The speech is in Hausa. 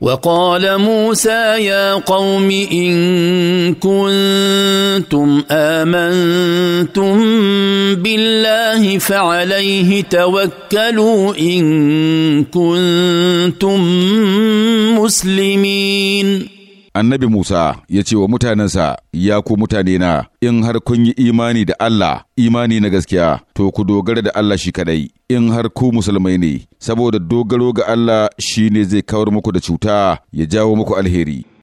وقال موسى يا قوم ان كنتم امنتم بالله فعليه توكلوا ان كنتم مسلمين Annabi Musa ya ce wa mutanensa, Ya ku mutane na in har kun yi imani da Allah, imani na gaskiya, to ku dogara da Allah shi kadai, in har ku musulmai ne, saboda dogaro ga Allah shi ne zai kawar muku da cuta ya jawo muku alheri.